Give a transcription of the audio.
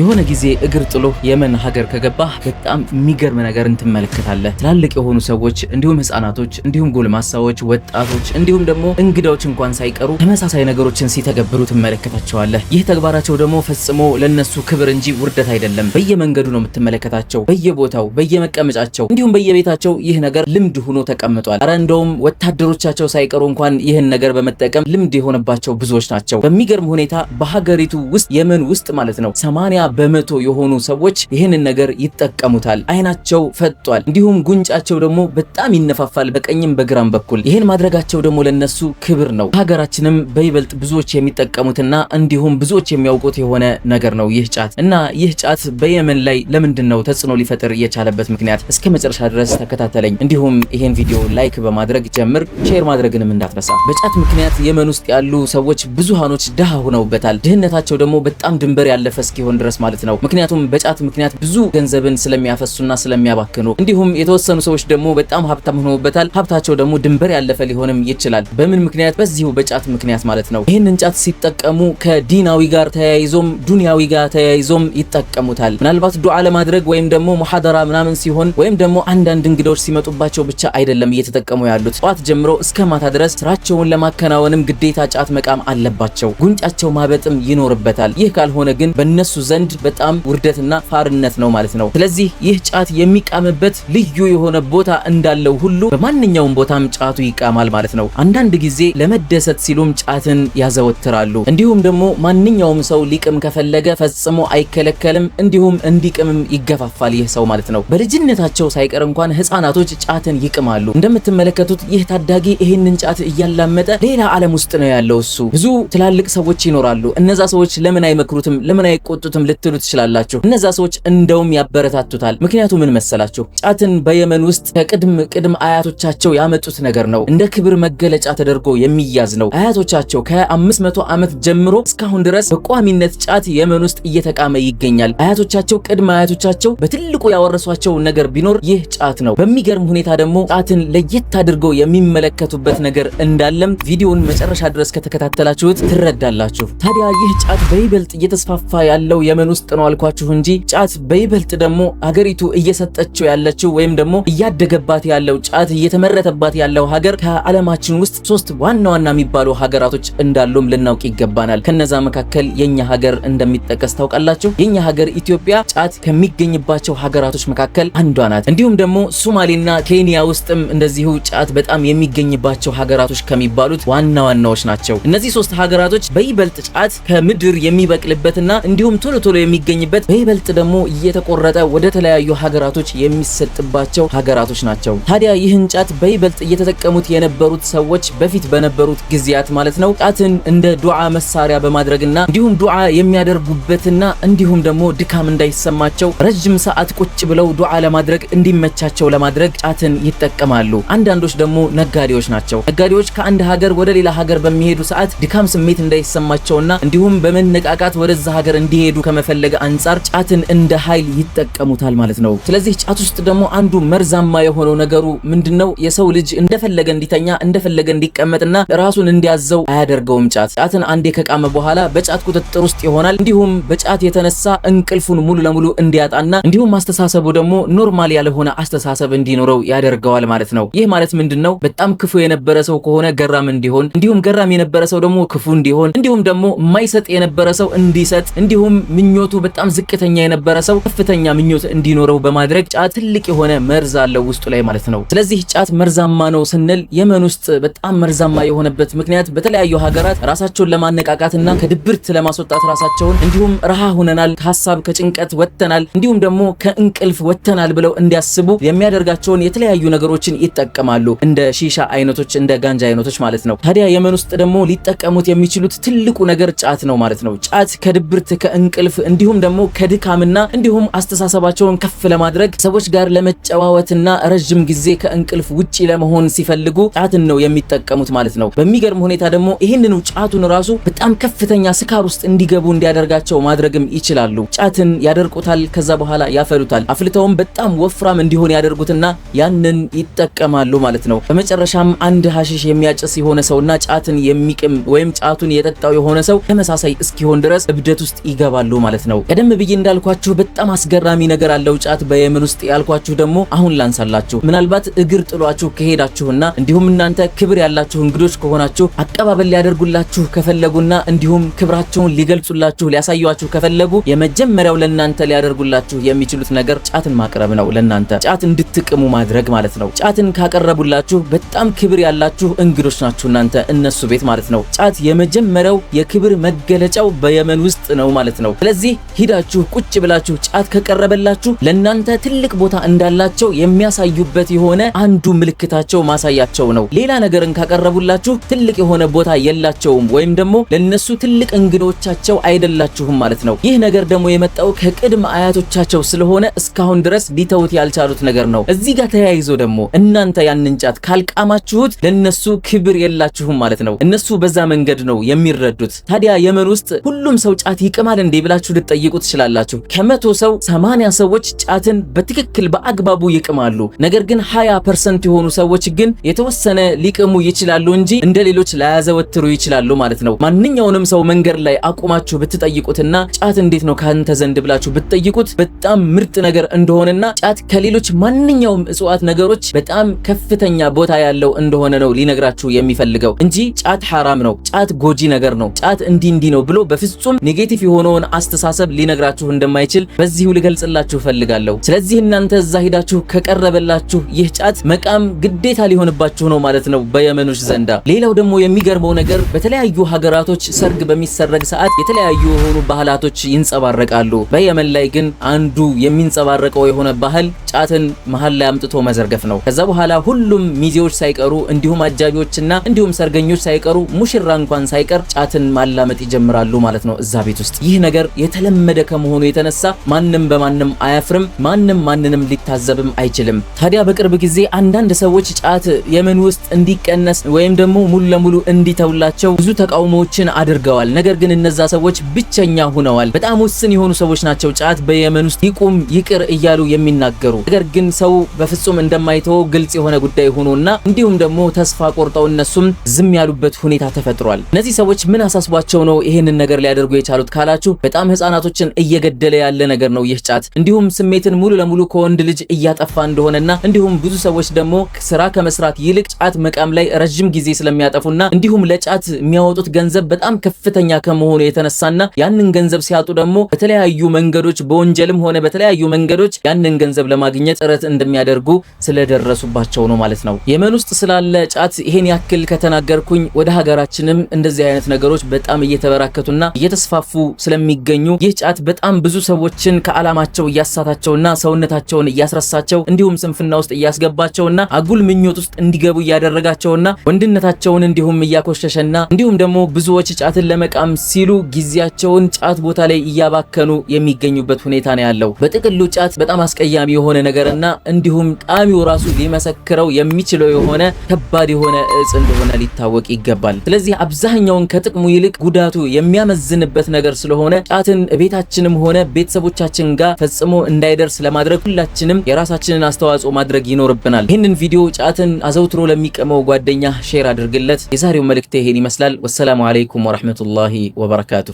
የሆነ ጊዜ እግር ጥሎ የመን ሀገር ከገባህ በጣም የሚገርም ነገርን ትመለከታለህ። ትላልቅ የሆኑ ሰዎች እንዲሁም ህጻናቶች፣ እንዲሁም ጎልማሳዎች፣ ወጣቶች እንዲሁም ደግሞ እንግዳዎች እንኳን ሳይቀሩ ተመሳሳይ ነገሮችን ሲተገብሩ ትመለከታቸዋለህ። ይህ ተግባራቸው ደግሞ ፈጽሞ ለነሱ ክብር እንጂ ውርደት አይደለም። በየመንገዱ ነው የምትመለከታቸው፣ በየቦታው በየመቀመጫቸው፣ እንዲሁም በየቤታቸው ይህ ነገር ልምድ ሆኖ ተቀምጧል። አረ እንደውም ወታደሮቻቸው ሳይቀሩ እንኳን ይህን ነገር በመጠቀም ልምድ የሆነባቸው ብዙዎች ናቸው። በሚገርም ሁኔታ በሀገሪቱ ውስጥ የመን ውስጥ ማለት ነው ሰማንያ በመቶ የሆኑ ሰዎች ይህንን ነገር ይጠቀሙታል። አይናቸው ፈጧል፣ እንዲሁም ጉንጫቸው ደግሞ በጣም ይነፋፋል በቀኝም በግራም በኩል። ይህን ማድረጋቸው ደግሞ ለነሱ ክብር ነው። ሀገራችንም በይበልጥ ብዙዎች የሚጠቀሙትና እንዲሁም ብዙዎች የሚያውቁት የሆነ ነገር ነው ይህ ጫት እና ይህ ጫት በየመን ላይ ለምንድን ነው ተጽዕኖ ሊፈጥር የቻለበት ምክንያት እስከ መጨረሻ ድረስ ተከታተለኝ። እንዲሁም ይህን ቪዲዮ ላይክ በማድረግ ጀምር፣ ሼር ማድረግንም እንዳትረሳ። በጫት ምክንያት የመን ውስጥ ያሉ ሰዎች ብዙሃኖች ድሃ ሆነውበታል። ድህነታቸው ደግሞ በጣም ድንበር ያለፈ እስኪሆን ድረስ ድረስ ማለት ነው። ምክንያቱም በጫት ምክንያት ብዙ ገንዘብን ስለሚያፈሱና ስለሚያባክኑ እንዲሁም የተወሰኑ ሰዎች ደግሞ በጣም ሀብታም ሆኖበታል። ሀብታቸው ደግሞ ድንበር ያለፈ ሊሆንም ይችላል። በምን ምክንያት? በዚሁ በጫት ምክንያት ማለት ነው። ይህንን ጫት ሲጠቀሙ ከዲናዊ ጋር ተያይዞም ዱንያዊ ጋር ተያይዞም ይጠቀሙታል። ምናልባት ዱዓ ለማድረግ ወይም ደግሞ ሙሐደራ ምናምን ሲሆን ወይም ደግሞ አንዳንድ እንግዶች ሲመጡባቸው ብቻ አይደለም እየተጠቀሙ ያሉት። ጠዋት ጀምሮ እስከ ማታ ድረስ ስራቸውን ለማከናወንም ግዴታ ጫት መቃም አለባቸው። ጉንጫቸው ማበጥም ይኖርበታል። ይህ ካልሆነ ግን በእነሱ ዘንድ ዘንድ በጣም ውርደትና ፋርነት ነው ማለት ነው። ስለዚህ ይህ ጫት የሚቃምበት ልዩ የሆነ ቦታ እንዳለው ሁሉ በማንኛውም ቦታም ጫቱ ይቃማል ማለት ነው። አንዳንድ ጊዜ ለመደሰት ሲሉም ጫትን ያዘወትራሉ። እንዲሁም ደግሞ ማንኛውም ሰው ሊቅም ከፈለገ ፈጽሞ አይከለከልም፣ እንዲሁም እንዲቅምም ይገፋፋል ይህ ሰው ማለት ነው። በልጅነታቸው ሳይቀር እንኳን ህፃናቶች ጫትን ይቅማሉ። እንደምትመለከቱት ይህ ታዳጊ ይህንን ጫት እያላመጠ ሌላ ዓለም ውስጥ ነው ያለው። እሱ ብዙ ትላልቅ ሰዎች ይኖራሉ። እነዛ ሰዎች ለምን አይመክሩትም? ለምን አይቆጡትም? ልትሉ ትችላላችሁ። እነዛ ሰዎች እንደውም ያበረታቱታል። ምክንያቱ ምን መሰላችሁ? ጫትን በየመን ውስጥ ከቅድም ቅድም አያቶቻቸው ያመጡት ነገር ነው። እንደ ክብር መገለጫ ተደርጎ የሚያዝ ነው። አያቶቻቸው ከ500 ዓመት ጀምሮ እስካሁን ድረስ በቋሚነት ጫት የመን ውስጥ እየተቃመ ይገኛል። አያቶቻቸው ቅድም አያቶቻቸው በትልቁ ያወረሷቸው ነገር ቢኖር ይህ ጫት ነው። በሚገርም ሁኔታ ደግሞ ጫትን ለየት አድርገው የሚመለከቱበት ነገር እንዳለም ቪዲዮውን መጨረሻ ድረስ ከተከታተላችሁት ትረዳላችሁ። ታዲያ ይህ ጫት በይበልጥ እየተስፋፋ ያለው ዘመን ውስጥ ነው አልኳችሁ እንጂ ጫት በይበልጥ ደግሞ አገሪቱ እየሰጠችው ያለችው ወይም ደግሞ እያደገባት ያለው ጫት እየተመረተባት ያለው ሀገር ከዓለማችን ውስጥ ሶስት ዋና ዋና የሚባሉ ሀገራቶች እንዳሉም ልናውቅ ይገባናል። ከነዛ መካከል የኛ ሀገር እንደሚጠቀስ ታውቃላችሁ። የኛ ሀገር ኢትዮጵያ ጫት ከሚገኝባቸው ሀገራቶች መካከል አንዷ ናት። እንዲሁም ደግሞ ሱማሌና ኬንያ ውስጥም እንደዚሁ ጫት በጣም የሚገኝባቸው ሀገራቶች ከሚባሉት ዋና ዋናዎች ናቸው። እነዚህ ሶስት ሀገራቶች በይበልጥ ጫት ከምድር የሚበቅልበትና እንዲሁም ቶሎ ተከትሎ የሚገኝበት በይበልጥ ደግሞ እየተቆረጠ ወደ ተለያዩ ሀገራቶች የሚሰጥባቸው ሀገራቶች ናቸው። ታዲያ ይህን ጫት በይበልጥ እየተጠቀሙት የነበሩት ሰዎች በፊት በነበሩት ጊዜያት ማለት ነው ጫትን እንደ ዱዓ መሳሪያ በማድረግና እንዲሁም ዱዓ የሚያደርጉበትና እንዲሁም ደግሞ ድካም እንዳይሰማቸው ረጅም ሰዓት ቁጭ ብለው ዱዓ ለማድረግ እንዲመቻቸው ለማድረግ ጫትን ይጠቀማሉ። አንዳንዶች ደግሞ ነጋዴዎች ናቸው። ነጋዴዎች ከአንድ ሀገር ወደ ሌላ ሀገር በሚሄዱ ሰዓት ድካም ስሜት እንዳይሰማቸውና እንዲሁም በመነቃቃት ወደዛ ሀገር እንዲሄዱ ከመ ከመፈለግ አንጻር ጫትን እንደ ኃይል ይጠቀሙታል ማለት ነው። ስለዚህ ጫት ውስጥ ደግሞ አንዱ መርዛማ የሆነው ነገሩ ምንድነው? የሰው ልጅ እንደፈለገ እንዲተኛ እንደፈለገ እንዲቀመጥና ራሱን እንዲያዘው አያደርገውም። ጫት ጫትን አንዴ ከቃመ በኋላ በጫት ቁጥጥር ውስጥ ይሆናል። እንዲሁም በጫት የተነሳ እንቅልፉን ሙሉ ለሙሉ እንዲያጣና እንዲሁም አስተሳሰቡ ደግሞ ኖርማል ያልሆነ አስተሳሰብ እንዲኖረው ያደርገዋል ማለት ነው። ይህ ማለት ምንድነው? በጣም ክፉ የነበረ ሰው ከሆነ ገራም እንዲሆን፣ እንዲሁም ገራም የነበረ ሰው ደግሞ ክፉ እንዲሆን፣ እንዲሁም ደግሞ የማይሰጥ የነበረ ሰው እንዲሰጥ እንዲሁም ምኞቱ በጣም ዝቅተኛ የነበረ ሰው ከፍተኛ ምኞት እንዲኖረው በማድረግ ጫት ትልቅ የሆነ መርዝ አለው ውስጡ ላይ ማለት ነው። ስለዚህ ጫት መርዛማ ነው ስንል የመን ውስጥ በጣም መርዛማ የሆነበት ምክንያት በተለያዩ ሀገራት ራሳቸውን ለማነቃቃትና ከድብርት ለማስወጣት ራሳቸውን እንዲሁም ረሃ ሆነናል፣ ከሀሳብ ከጭንቀት ወጥተናል፣ እንዲሁም ደግሞ ከእንቅልፍ ወጥተናል ብለው እንዲያስቡ የሚያደርጋቸውን የተለያዩ ነገሮችን ይጠቀማሉ። እንደ ሺሻ አይነቶች፣ እንደ ጋንጃ አይነቶች ማለት ነው። ታዲያ የመን ውስጥ ደግሞ ሊጠቀሙት የሚችሉት ትልቁ ነገር ጫት ነው ማለት ነው። ጫት ከድብርት ከእንቅልፍ ለማሳለፍ እንዲሁም ደግሞ ከድካምና እንዲሁም አስተሳሰባቸውን ከፍ ለማድረግ ሰዎች ጋር ለመጨዋወትና ረዥም ጊዜ ከእንቅልፍ ውጪ ለመሆን ሲፈልጉ ጫትን ነው የሚጠቀሙት ማለት ነው። በሚገርም ሁኔታ ደግሞ ይህንኑ ጫቱን ራሱ በጣም ከፍተኛ ስካር ውስጥ እንዲገቡ እንዲያደርጋቸው ማድረግም ይችላሉ። ጫትን ያደርቁታል፣ ከዛ በኋላ ያፈሉታል። አፍልተውም በጣም ወፍራም እንዲሆን ያደርጉትና ያንን ይጠቀማሉ ማለት ነው። በመጨረሻም አንድ ሀሽሽ የሚያጭስ የሆነ ሰውና ጫትን የሚቅም ወይም ጫቱን የጠጣው የሆነ ሰው ተመሳሳይ እስኪሆን ድረስ እብደት ውስጥ ይገባሉ ማለት ነው። ቀደም ብዬ እንዳልኳችሁ በጣም አስገራሚ ነገር አለው ጫት በየመን ውስጥ ያልኳችሁ ደግሞ አሁን ላንሳላችሁ። ምናልባት እግር ጥሏችሁ ከሄዳችሁና እንዲሁም እናንተ ክብር ያላችሁ እንግዶች ከሆናችሁ አቀባበል ሊያደርጉላችሁ ከፈለጉና እንዲሁም ክብራቸውን ሊገልጹላችሁ ሊያሳዩአችሁ ከፈለጉ የመጀመሪያው ለእናንተ ሊያደርጉላችሁ የሚችሉት ነገር ጫትን ማቅረብ ነው። ለእናንተ ጫት እንድትቅሙ ማድረግ ማለት ነው። ጫትን ካቀረቡላችሁ በጣም ክብር ያላችሁ እንግዶች ናችሁ እናንተ እነሱ ቤት ማለት ነው። ጫት የመጀመሪያው የክብር መገለጫው በየመን ውስጥ ነው ማለት ነው። ስለዚህ ሂዳችሁ ቁጭ ብላችሁ ጫት ከቀረበላችሁ ለእናንተ ትልቅ ቦታ እንዳላቸው የሚያሳዩበት የሆነ አንዱ ምልክታቸው ማሳያቸው ነው። ሌላ ነገርን ካቀረቡላችሁ ትልቅ የሆነ ቦታ የላቸውም ወይም ደግሞ ለነሱ ትልቅ እንግዶቻቸው አይደላችሁም ማለት ነው። ይህ ነገር ደግሞ የመጣው ከቅድመ አያቶቻቸው ስለሆነ እስካሁን ድረስ ሊተውት ያልቻሉት ነገር ነው። እዚህ ጋር ተያይዞ ደግሞ እናንተ ያንን ጫት ካልቃማችሁት ለነሱ ክብር የላችሁም ማለት ነው። እነሱ በዛ መንገድ ነው የሚረዱት። ታዲያ የመን ውስጥ ሁሉም ሰው ጫት ይቅማል እንዴ ብላ ብላችሁ ልትጠይቁ ትችላላችሁ። ከመቶ ሰው 80 ሰዎች ጫትን በትክክል በአግባቡ ይቅማሉ። ነገር ግን 20% የሆኑ ሰዎች ግን የተወሰነ ሊቅሙ ይችላሉ እንጂ እንደ ሌሎች ላያዘወትሩ ይችላሉ ማለት ነው። ማንኛውንም ሰው መንገድ ላይ አቁማችሁ ብትጠይቁትና ጫት እንዴት ነው ካንተ ዘንድ ብላችሁ ብትጠይቁት በጣም ምርጥ ነገር እንደሆነና ጫት ከሌሎች ማንኛውም እጽዋት ነገሮች በጣም ከፍተኛ ቦታ ያለው እንደሆነ ነው ሊነግራችሁ የሚፈልገው እንጂ ጫት ሐራም ነው፣ ጫት ጎጂ ነገር ነው፣ ጫት እንዲህ እንዲ ነው ብሎ በፍጹም ኔጌቲቭ የሆነውን አስ አስተሳሰብ ሊነግራችሁ እንደማይችል በዚሁ ልገልጽላችሁ ፈልጋለሁ። ስለዚህ እናንተ እዛ ሂዳችሁ ከቀረበላችሁ ይህ ጫት መቃም ግዴታ ሊሆንባችሁ ነው ማለት ነው በየመኖች ዘንዳ። ሌላው ደግሞ የሚገርመው ነገር በተለያዩ ሀገራቶች ሰርግ በሚሰረግ ሰዓት የተለያዩ የሆኑ ባህላቶች ይንጸባረቃሉ። በየመን ላይ ግን አንዱ የሚንጸባረቀው የሆነ ባህል ጫትን መሀል ላይ አምጥቶ መዘርገፍ ነው። ከዛ በኋላ ሁሉም ሚዜዎች ሳይቀሩ እንዲሁም አጃቢዎችና እንዲሁም ሰርገኞች ሳይቀሩ ሙሽራ እንኳን ሳይቀር ጫትን ማላመጥ ይጀምራሉ ማለት ነው እዛ ቤት ውስጥ ይህ ነገር የተለመደ ከመሆኑ የተነሳ ማንም በማንም አያፍርም፣ ማንም ማንንም ሊታዘብም አይችልም። ታዲያ በቅርብ ጊዜ አንዳንድ ሰዎች ጫት የመን ውስጥ እንዲቀነስ ወይም ደግሞ ሙሉ ለሙሉ እንዲተውላቸው ብዙ ተቃውሞዎችን አድርገዋል። ነገር ግን እነዛ ሰዎች ብቸኛ ሆነዋል። በጣም ውስን የሆኑ ሰዎች ናቸው ጫት በየመን ውስጥ ይቁም ይቅር እያሉ የሚናገሩ። ነገር ግን ሰው በፍጹም እንደማይተው ግልጽ የሆነ ጉዳይ ሆኖና እንዲሁም ደግሞ ተስፋ ቆርጠው እነሱም ዝም ያሉበት ሁኔታ ተፈጥሯል። እነዚህ ሰዎች ምን አሳስቧቸው ነው ይህንን ነገር ሊያደርጉ የቻሉት ካላችሁ በጣም ህጻናቶችን እየገደለ ያለ ነገር ነው ይህ ጫት። እንዲሁም ስሜትን ሙሉ ለሙሉ ከወንድ ልጅ እያጠፋ እንደሆነና እንዲሁም ብዙ ሰዎች ደግሞ ስራ ከመስራት ይልቅ ጫት መቃም ላይ ረጅም ጊዜ ስለሚያጠፉና እንዲሁም ለጫት የሚያወጡት ገንዘብ በጣም ከፍተኛ ከመሆኑ የተነሳና ያንን ገንዘብ ሲያጡ ደግሞ በተለያዩ መንገዶች በወንጀልም ሆነ በተለያዩ መንገዶች ያንን ገንዘብ ለማግኘት ጥረት እንደሚያደርጉ ስለደረሱባቸው ነው ማለት ነው። የመን ውስጥ ስላለ ጫት ይሄን ያክል ከተናገርኩኝ ወደ ሀገራችንም እንደዚህ አይነት ነገሮች በጣም እየተበራከቱና እየተስፋፉ ስለሚገኙ ሲገኙ ይህ ጫት በጣም ብዙ ሰዎችን ከዓላማቸው እያሳታቸውና ሰውነታቸውን እያስረሳቸው እንዲሁም ስንፍና ውስጥ እያስገባቸውና አጉል ምኞት ውስጥ እንዲገቡ እያደረጋቸውና ወንድነታቸውን እንዲሁም እያኮሸሸና እንዲሁም ደግሞ ብዙዎች ጫትን ለመቃም ሲሉ ጊዜያቸውን ጫት ቦታ ላይ እያባከኑ የሚገኙበት ሁኔታ ነው ያለው። በጥቅሉ ጫት በጣም አስቀያሚ የሆነ ነገርና እንዲሁም ቃሚው ራሱ ሊመሰክረው የሚችለው የሆነ ከባድ የሆነ እጽ እንደሆነ ሊታወቅ ይገባል። ስለዚህ አብዛኛውን ከጥቅሙ ይልቅ ጉዳቱ የሚያመዝንበት ነገር ስለሆነ ጫት ጥቃትን ቤታችንም ሆነ ቤተሰቦቻችን ጋር ፈጽሞ እንዳይደርስ ለማድረግ ሁላችንም የራሳችንን አስተዋጽኦ ማድረግ ይኖርብናል። ይህንን ቪዲዮ ጫትን አዘውትሮ ለሚቀመው ጓደኛ ሼር አድርግለት። የዛሬው መልእክት ይሄን ይመስላል። ወሰላሙ አለይኩም ወራህመቱላሂ ወበረካቱ።